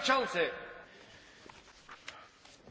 przewodniczący!